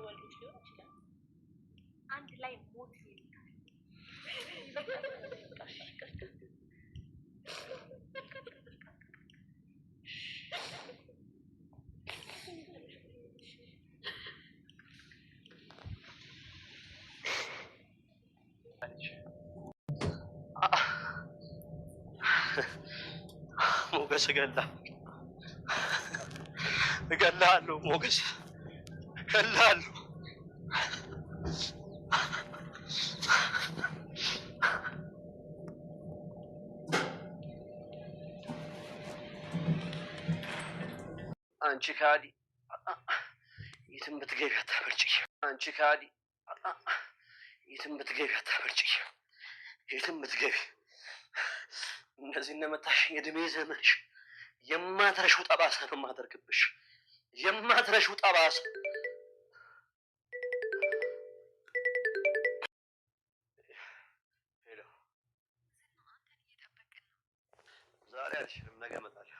ስለወለደች ሊሆን ይችላል። አንድ ላይ ሞት ሞገስ እገላ እገላለሁ ሞገስ እልሃለሁ አንቺ ካዲ የትም ብትገቢ አታመልጭኝ። አንቺ ካዲ የትም ብትገቢ አታመልጭኝ። የትም ብትገቢ እንደዚህ እንደመታሽኝ የእድሜ ዘመንሽ የማትረሽው ጠባሳ ነው የማደርግብሽ የማትረሽው ጠባሳ አልሽልም፣ ነገ እመጣለሁ።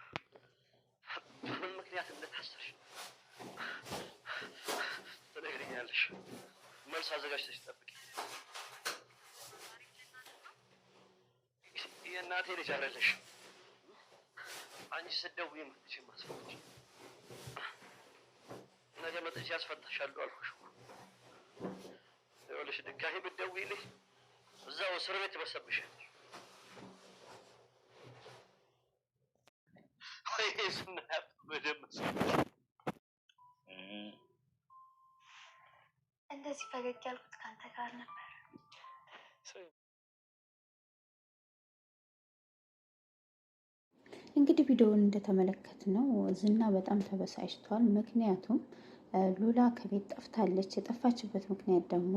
በምን ምክንያት እንደታሰርሽ ትነግሪኛለሽ። መልስ አዘጋጅተሽ ጠብቂ። የእናቴ ልጅ አይደለሽ አንቺ። ስትደውይ መጥቼ ነገ መጥቼ ያስፈታሻለሁ አልኩሽ። ይኸውልሽ ድጋሚ ብትደውይልኝ እዛው እስር ቤት Why እንደዚህ ፈገግ ያልኩት ከአንተ ጋር ነበር። እንግዲህ ቪዲዮውን እንደተመለከት ነው ዝና በጣም ተበሳጭቷል። ምክንያቱም ሉላ ከቤት ጠፍታለች። የጠፋችበት ምክንያት ደግሞ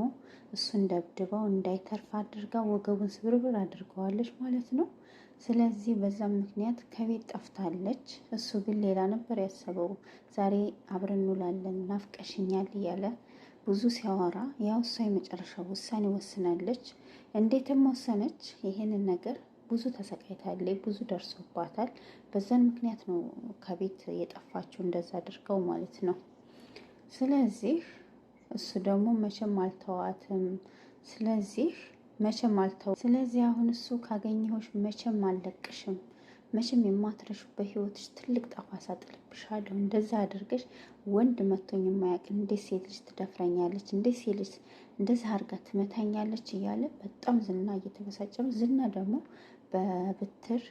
እሱን ደብድበው እንዳይተርፍ አድርጋ ወገቡን ስብርብር አድርገዋለች ማለት ነው። ስለዚህ በዛ ምክንያት ከቤት ጠፍታለች። እሱ ግን ሌላ ነበር ያሰበው። ዛሬ አብረን እንውላለን፣ ናፍቀሽኛል እያለ ብዙ ሲያወራ ያው እሷ የመጨረሻ ውሳኔ ወስናለች። እንዴትም ወሰነች። ይሄንን ነገር ብዙ ተሰቃይታለች፣ ብዙ ደርሶባታል። በዛን ምክንያት ነው ከቤት የጠፋችው እንደዛ አድርገው ማለት ነው። ስለዚህ እሱ ደግሞ መቼም አልተዋትም። ስለዚህ መቼም አልተው። ስለዚህ አሁን እሱ ካገኘሁሽ መቼም አልለቅሽም፣ መቼም የማትረሹ በህይወትሽ ትልቅ ጣፋሳ ጥልብሻለሁ። እንደዛ አድርገሽ ወንድ መቶኝ የማያውቅ እንዴት ሴት ልጅ ትደፍረኛለች? እንዴት ሴት ልጅ እንደዚህ አርጋ ትመታኛለች? እያለ በጣም ዝና እየተበሳጨም ዝና ደግሞ በብትር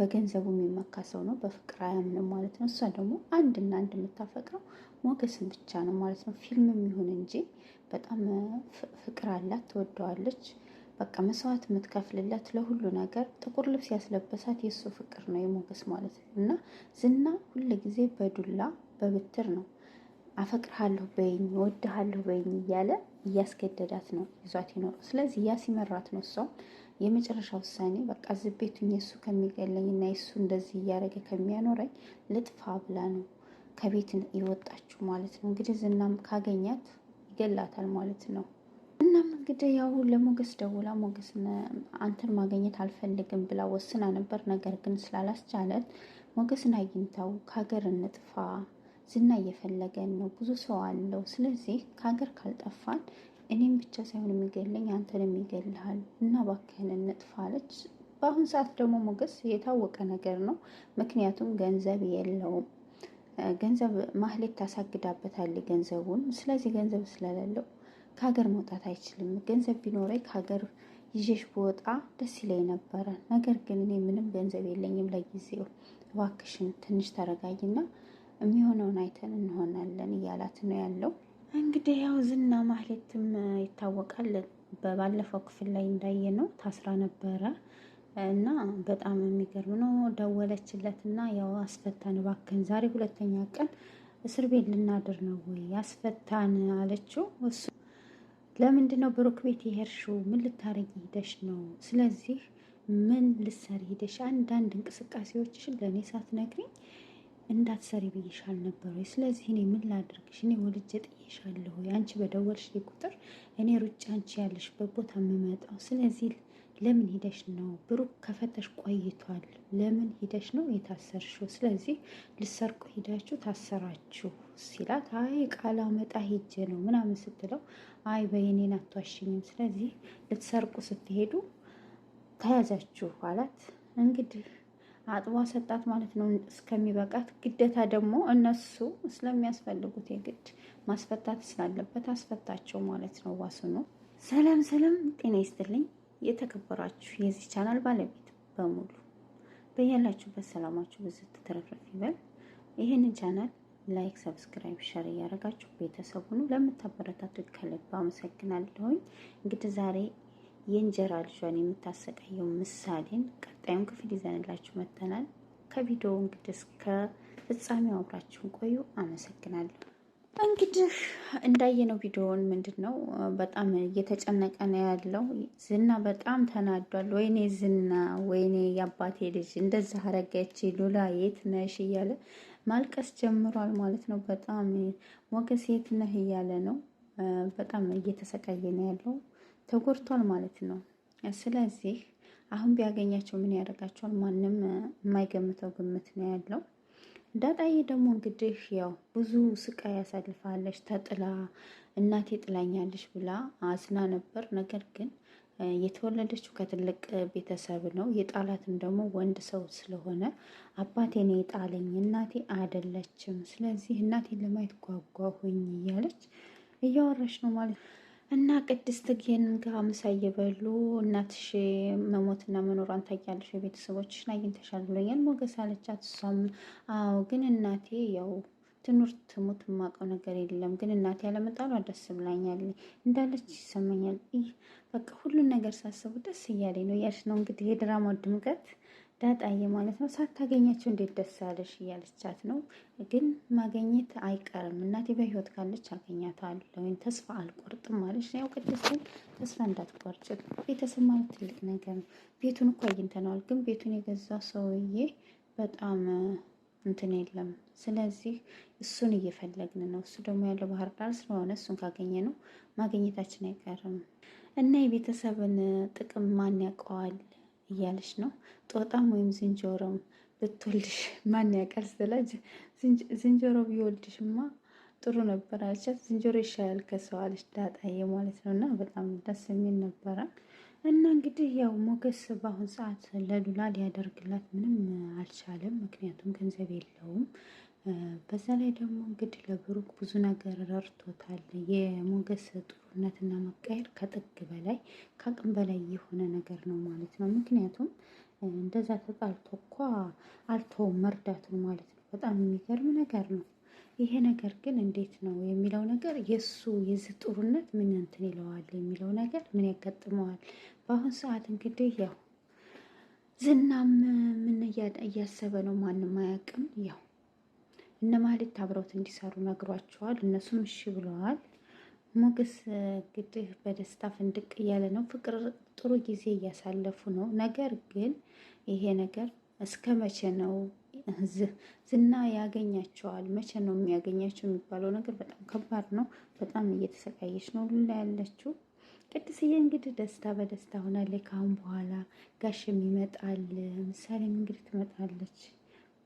በገንዘቡ የሚመካ ሰው ነው። በፍቅር አያምንም ማለት ነው። እሷ ደግሞ አንድና አንድ የምታፈቅረው ሞገስን ብቻ ነው ማለት ነው። ፊልምም ይሁን እንጂ በጣም ፍቅር አላት፣ ትወደዋለች። በቃ መስዋዕት የምትከፍልለት ለሁሉ ነገር ጥቁር ልብስ ያስለበሳት የእሱ ፍቅር ነው የሞገስ ማለት ነው። እና ዝና ሁል ጊዜ በዱላ በብትር ነው አፈቅርሃለሁ በይኝ ወድሃለሁ በይኝ እያለ እያስገደዳት ነው ይዟት ይኖረው። ስለዚህ ያ ሲመራት ነው እሷም የመጨረሻ ውሳኔ በቃ ዝቤቱኝ የእሱ ከሚገለኝ እና የእሱ እንደዚህ እያደረገ ከሚያኖረኝ ልጥፋ ብላ ነው ከቤት የወጣችሁ ማለት ነው። እንግዲህ ዝናም ካገኛት ይገላታል ማለት ነው። እናም እንግዲህ ያው ለሞገስ ደውላ ሞገስ አንተን ማገኘት አልፈልግም ብላ ወስና ነበር። ነገር ግን ስላላስቻለት ሞገስን አግኝተው ከሀገር እንጥፋ፣ ዝና እየፈለገን ነው፣ ብዙ ሰው አለው። ስለዚህ ከሀገር ካልጠፋን እኔም ብቻ ሳይሆን የሚገለኝ አንተን የሚገልሃል እና እባክህን እንጥፋ አለች። በአሁን ሰዓት ደግሞ ሞገስ የታወቀ ነገር ነው። ምክንያቱም ገንዘብ የለውም። ገንዘብ ማህሌት ታሳግዳበታል ገንዘቡን። ስለዚህ ገንዘብ ስለሌለው ከሀገር መውጣት አይችልም። ገንዘብ ቢኖረኝ ከሀገር ይዤሽ በወጣ ደስ ይለኝ ነበረ። ነገር ግን እኔ ምንም ገንዘብ የለኝም ለጊዜው። እባክሽን ትንሽ ተረጋጊና የሚሆነውን አይተን እንሆናለን እያላት ነው ያለው። እንግዲህ ያው ዝና ማህሌትም ይታወቃል። በባለፈው ክፍል ላይ እንዳየ ነው ታስራ ነበረ እና በጣም የሚገርም ነው። ደወለችለት እና ያው አስፈታን እባክህን ዛሬ ሁለተኛ ቀን እስር ቤት ልናድር ነው ወይ አስፈታን አለችው እሱ ለምንድን ነው ብሩክ ቤት የሄድሽው? ምን ልታረጊ ሂደሽ ነው? ስለዚህ ምን ልሰሪ ሂደሽ? አንዳንድ እንቅስቃሴዎችሽን ለእኔ ሳትነግሪኝ እንዳትሰሪ ብዬሽ አልነበረ? ስለዚህ እኔ ምን ላድርግሽ? እኔ ወልጄ ጥዬሻለሁ። አንቺ በደወልሽ ቁጥር እኔ ሩጫ አንቺ ያለሽበት ቦታ የምመጣው። ስለዚህ ለምን ሂደሽ ነው? ብሩክ ከፈተሽ ቆይቷል። ለምን ሂደሽ ነው የታሰርሽው? ስለዚህ ልሰርቁ ሂዳችሁ ታሰራችሁ። ሲላት አይ ቃል አመጣ ሄጄ ነው ምናምን ስትለው አይ በይኔ አትዋሽኝም፣ ስለዚህ ልትሰርቁ ስትሄዱ ተያዛችሁ አላት። እንግዲህ አጥቧ ሰጣት ማለት ነው እስከሚበቃት። ግደታ ደግሞ እነሱ ስለሚያስፈልጉት የግድ ማስፈታት ስላለበት አስፈታቸው ማለት ነው ዋስኑ ሰላም ሰላም፣ ጤና ይስጥልኝ የተከበራችሁ የዚህ ቻናል ባለቤት በሙሉ በያላችሁበት ሰላማችሁ ብዙ ትትረፍረፍ ይበል። ይህንን ቻናል ላይክ፣ ሰብስክራይብ፣ ሸር እያደረጋችሁ ቤተሰቡን ለምታበረታቱት ከልብ አመሰግናለሁኝ። እንግዲህ ዛሬ የእንጀራ ልጇን የምታሰቃየው ምሳሌን ቀጣዩን ክፍል ይዘንላችሁ መጥተናል። ከቪዲዮ እንግዲህ እስከ ፍጻሜው አብራችሁን ቆዩ። አመሰግናለሁ። እንግዲህ እንዳየነው ቪዲዮውን ምንድን ነው በጣም እየተጨነቀ ነው ያለው። ዝና በጣም ተናዷል። ወይኔ ዝና፣ ወይኔ የአባቴ ልጅ እንደዛ አረገች ሉላ፣ የት ነሽ እያለ ማልቀስ ጀምሯል ማለት ነው። በጣም ሞገስ የት ነህ እያለ ነው። በጣም እየተሰቃየ ነው ያለው። ተጎድቷል ማለት ነው። ስለዚህ አሁን ቢያገኛቸው ምን ያደርጋቸዋል? ማንም የማይገምተው ግምት ነው ያለው። ዳጣዬ ደግሞ እንግዲህ ያው ብዙ ስቃይ ያሳልፋለች። ተጥላ እናቴ ጥላኛለች ብላ አዝና ነበር። ነገር ግን የተወለደችው ከትልቅ ቤተሰብ ነው። የጣላትም ደግሞ ወንድ ሰው ስለሆነ አባቴ ነው የጣለኝ፣ እናቴ አይደለችም። ስለዚህ እናቴን ለማየት ጓጓሁኝ እያለች እያወራች ነው ማለት እና ቅድስት ግን ጋር ምሳ እየበሉ እናትሽ መሞትና መኖሯን ታውቂያለሽ፣ የቤተሰቦችሽን አግኝተሻል ብሎኛል ሞገስ አለቻት። እሷም አዎ ግን እናቴ ያው ትኑር ትሙት የማውቀው ነገር የለም። ግን እናቴ ያለመጣሏ ደስ ብላኛል፣ እንዳለች ይሰማኛል። ይህ በቃ ሁሉን ነገር ሳስቡ ደስ እያለኝ ነው እያለች ነው እንግዲህ የድራማው ድምቀት ዳጣዬ ማለት ነው። ሳታገኛቸው እንዴት ደስ አለሽ እያለቻት ነው። ግን ማገኘት አይቀርም እናቴ በህይወት ካለች አገኛታለሁ። ተስፋ አልቆርጥም ማለች ነው። ያው ቅድስትን ተስፋ እንዳትቆርጭ ቤተሰብ ማለት ትልቅ ነገር ነው። ቤቱን እኮ አግኝተነዋል። ግን ቤቱን የገዛው ሰውዬ በጣም እንትን የለም። ስለዚህ እሱን እየፈለግን ነው። እሱ ደግሞ ያለው ባህር ዳር ስለሆነ እሱን ካገኘ ነው ማግኘታችን አይቀርም እና የቤተሰብን ጥቅም ማን ያውቀዋል እያለች ነው። ጦጣም ወይም ዝንጀሮም ብትወልድሽ ማን ያውቃል ስላች፣ ዝንጀሮ ቢወልድሽማ ጥሩ ነበር አለቻት። ዝንጀሮ ይሻላል ከሰው አለች ዳጣዬ ማለት ነው። እና በጣም ደስ የሚል ነበረ። እና እንግዲህ ያው ሞገስ በአሁን ሰዓት ለሉላ ሊያደርግላት ምንም አልቻለም። ምክንያቱም ገንዘብ የለውም። በዛ ላይ ደግሞ እንግዲህ ለብሩክ ብዙ ነገር ረድቶታል። የሞገስ ጥሩነትና መቃየር ከጥግ በላይ ከአቅም በላይ የሆነ ነገር ነው ማለት ነው። ምክንያቱም እንደዛ ተጣልቶ እኳ አልቶ መርዳትን ማለት ነው። በጣም የሚገርም ነገር ነው። ይሄ ነገር ግን እንዴት ነው የሚለው ነገር የእሱ የዚህ ጥሩነት ምን እንትን ይለዋል የሚለው ነገር ምን ያጋጥመዋል። በአሁን ሰዓት እንግዲህ ያው ዝናም ምን እያሰበ ነው ማንም አያውቅም። ያው እነ ማህሌት አብረውት እንዲሰሩ ነግሯቸዋል። እነሱም እሺ ብለዋል። ሞገስ ግድህ በደስታ ፍንድቅ እያለ ነው። ፍቅር ጥሩ ጊዜ እያሳለፉ ነው። ነገር ግን ይሄ ነገር እስከ መቼ ነው ዝና ያገኛቸዋል። መቼ ነው የሚያገኛቸው የሚባለው ነገር በጣም ከባድ ነው። በጣም እየተሰቃየች ነው ሉላ ያለችው። ቅድስዬ እንግዲህ ደስታ በደስታ ሆናለች። ከአሁን በኋላ ጋሽም ይመጣል፣ ምሳሌም እንግዲህ ትመጣለች።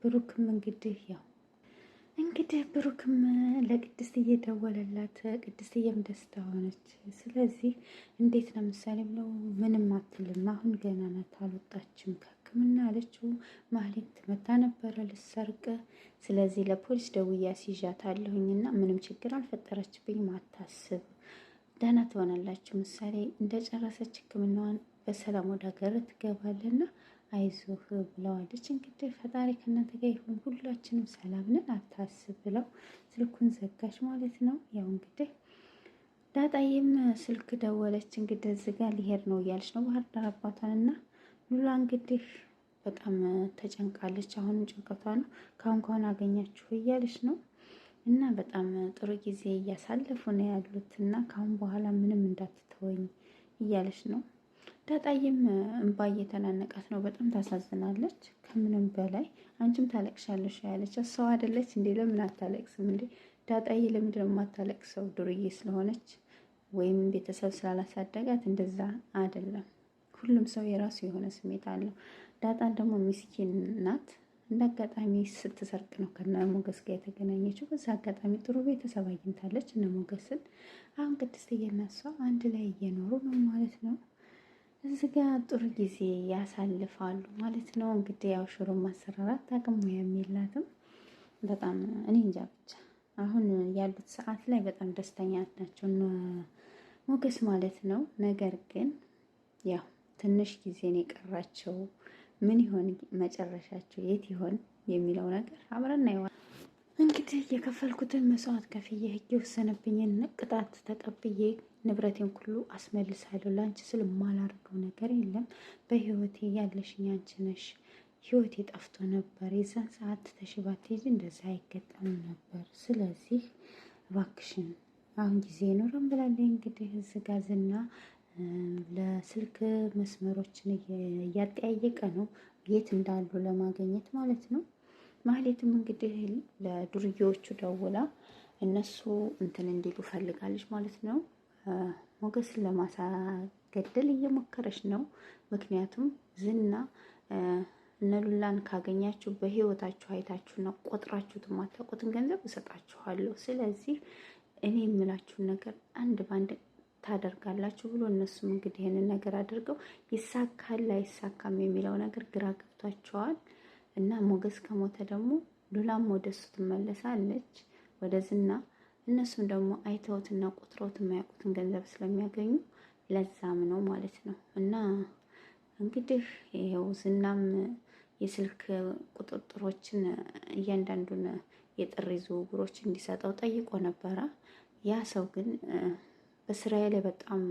ብሩክም እንግዲህ ያው እንግዲህ ብሩክም ለቅድስትዬ ደወለላት። ቅድስትዬም ደስታ ሆነች። ስለዚህ እንዴት ነው ምሳሌም ነው ምንም አትልም። አሁን ገና ናት፣ አልወጣችም ህክምና አለችው። ማህሌት መታ ነበረ ልሰርቅ። ስለዚህ ለፖሊስ ደውያ ሲዣት አለሁኝ እና ምንም ችግር አልፈጠረችብኝ። ማታስብ ደህና ትሆናላችሁ። ምሳሌ እንደጨረሰች ህክምናዋን በሰላም ወደ ሀገር ትገባለና አይዞህ ብለዋለች። እንግዲህ ፈጣሪ ከእናንተ ጋር ይሁን፣ ሁላችንም ሰላም ነን፣ አታስብ ብለው ስልኩን ዘጋች ማለት ነው። ያው እንግዲህ ዳጣይም ስልክ ደወለች። እንግዲህ እዚህ ጋር ሊሄድ ነው እያለች ነው ባህር ዳር አባቷን እና ሉላ እንግዲህ በጣም ተጨንቃለች። አሁንም ጭንቀቷ ነው። ካሁን ካሁን አገኛችሁ እያለች ነው እና በጣም ጥሩ ጊዜ እያሳለፉ ነው ያሉት እና ካሁን በኋላ ምንም እንዳትተወኝ እያለች ነው። ዳጣይም እንባ እየተናነቃት ነው። በጣም ታሳዝናለች። ከምንም በላይ አንቺም ታለቅሻለሽ ያለች ሰው አይደለች እንዴ? ለምን አታለቅስም እንዴ? ዳጣዬ ለምንድነው የማታለቅሰው? ዱርዬ ስለሆነች ወይም ቤተሰብ ስላላሳደጋት እንደዛ አይደለም። ሁሉም ሰው የራሱ የሆነ ስሜት አለው። ዳጣን ደግሞ ሚስኪን ናት። እንደ አጋጣሚ ስትሰርቅ ነው ከነ ሞገስ ጋር የተገናኘችው። በዛ አጋጣሚ ጥሩ ቤተሰብ አግኝታለች እነ ሞገስን። አሁን ቅድስት እየነሷ አንድ ላይ እየኖሩ ነው ማለት ነው። እዚህ ጋ ጥሩ ጊዜ ያሳልፋሉ ማለት ነው። እንግዲህ ያው ሽሮ ማሰራራት አቅሙ የሚላትም በጣም እኔ እንጃ ብቻ አሁን ያሉት ሰዓት ላይ በጣም ደስተኛ ናቸው ሞገስ ማለት ነው። ነገር ግን ያው ትንሽ ጊዜን የቀራቸው ምን ይሆን መጨረሻቸው የት ይሆን የሚለው ነገር አብረና ይሆናል። እንግዲህ የከፈልኩትን መስዋዕት ከፍዬ ህግ የወሰነብኝን ቅጣት ተቀብዬ ንብረቴን ሁሉ አስመልሳለሁ። ለአንቺ ስል ማላርገው ነገር የለም። በህይወቴ ያለሽኝ አንቺ ነሽ። ህይወቴ ጠፍቶ ነበር። የዛን ሰዓት ተሽባት ይዚ እንደዛ አይገጠምም ነበር። ስለዚህ እባክሽን አሁን ጊዜ ይኖረን ብላለ። እንግዲህ እዚህ ለስልክ መስመሮችን እያጠያየቀ ነው የት እንዳሉ ለማገኘት ማለት ነው። ማህሌትም እንግዲህ ለዱርዬዎቹ ደውላ እነሱ እንትን እንዲሉ ፈልጋለች ማለት ነው። ሞገስን ለማሳገደል እየሞከረች ነው። ምክንያቱም ዝና እነሉላን ካገኛችሁ በህይወታችሁ አይታችሁና ቆጥራችሁት ማታውቁትን ገንዘብ እሰጣችኋለሁ። ስለዚህ እኔ የምላችሁን ነገር አንድ በአንድ ታደርጋላችሁ ብሎ እነሱም እንግዲህ ይህንን ነገር አድርገው ይሳካል አይሳካም የሚለው ነገር ግራ ገብቷቸዋል። እና ሞገስ ከሞተ ደግሞ ሉላም ወደ እሱ ትመለሳለች ወደ ዝና። እነሱም ደግሞ አይተውትና ቁጥሮት የማያውቁትን ገንዘብ ስለሚያገኙ ለዛም ነው ማለት ነው። እና እንግዲህ ይኸው ዝናም የስልክ ቁጥጥሮችን እያንዳንዱን የጥሪ ዝውውሮች እንዲሰጠው ጠይቆ ነበረ። ያ ሰው ግን በስራዬ ላይ በጣም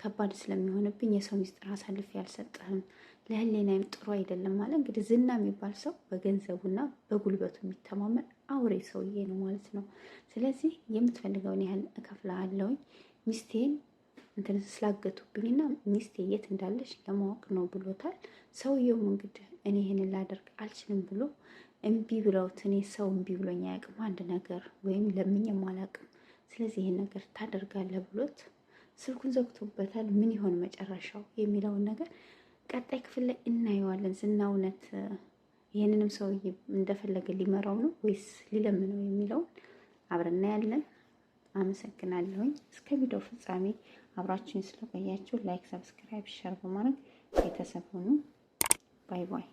ከባድ ስለሚሆንብኝ የሰው ሚስጥር አሳልፌ አልሰጠህም፣ ለህሌናይም ጥሩ አይደለም አለ። እንግዲህ ዝና የሚባል ሰው በገንዘቡና በጉልበቱ የሚተማመን አውሬ ሰውዬ ነው ማለት ነው። ስለዚህ የምትፈልገውን ያህል እከፍልሃለሁኝ ሚስቴን እንትን ስላገቱብኝና ሚስቴ የት እንዳለች ለማወቅ ነው ብሎታል። ሰውየውም እንግዲህ እኔ ይህንን ላደርግ አልችልም ብሎ እምቢ ብለውት እኔ ሰው እምቢ ብሎኝ አያውቅም አንድ ነገር ወይም ለምኝም አላውቅም ስለዚህ ይህን ነገር ታደርጋለህ ብሎት ስልኩን ዘግቶበታል። ምን ይሆን መጨረሻው የሚለውን ነገር ቀጣይ ክፍል ላይ እናየዋለን። ዝና እውነት ይህንንም ሰውዬ እንደፈለገ ሊመራው ነው ወይስ ሊለምነው የሚለውን አብረን እናያለን። አመሰግናለሁኝ። እስከ ቪዲዮ ፍጻሜ አብራችሁን ስለቆያችሁ ላይክ፣ ሰብስክራይብ፣ ሸር በማድረግ ቤተሰብ ሁኑ። ባይ ባይ።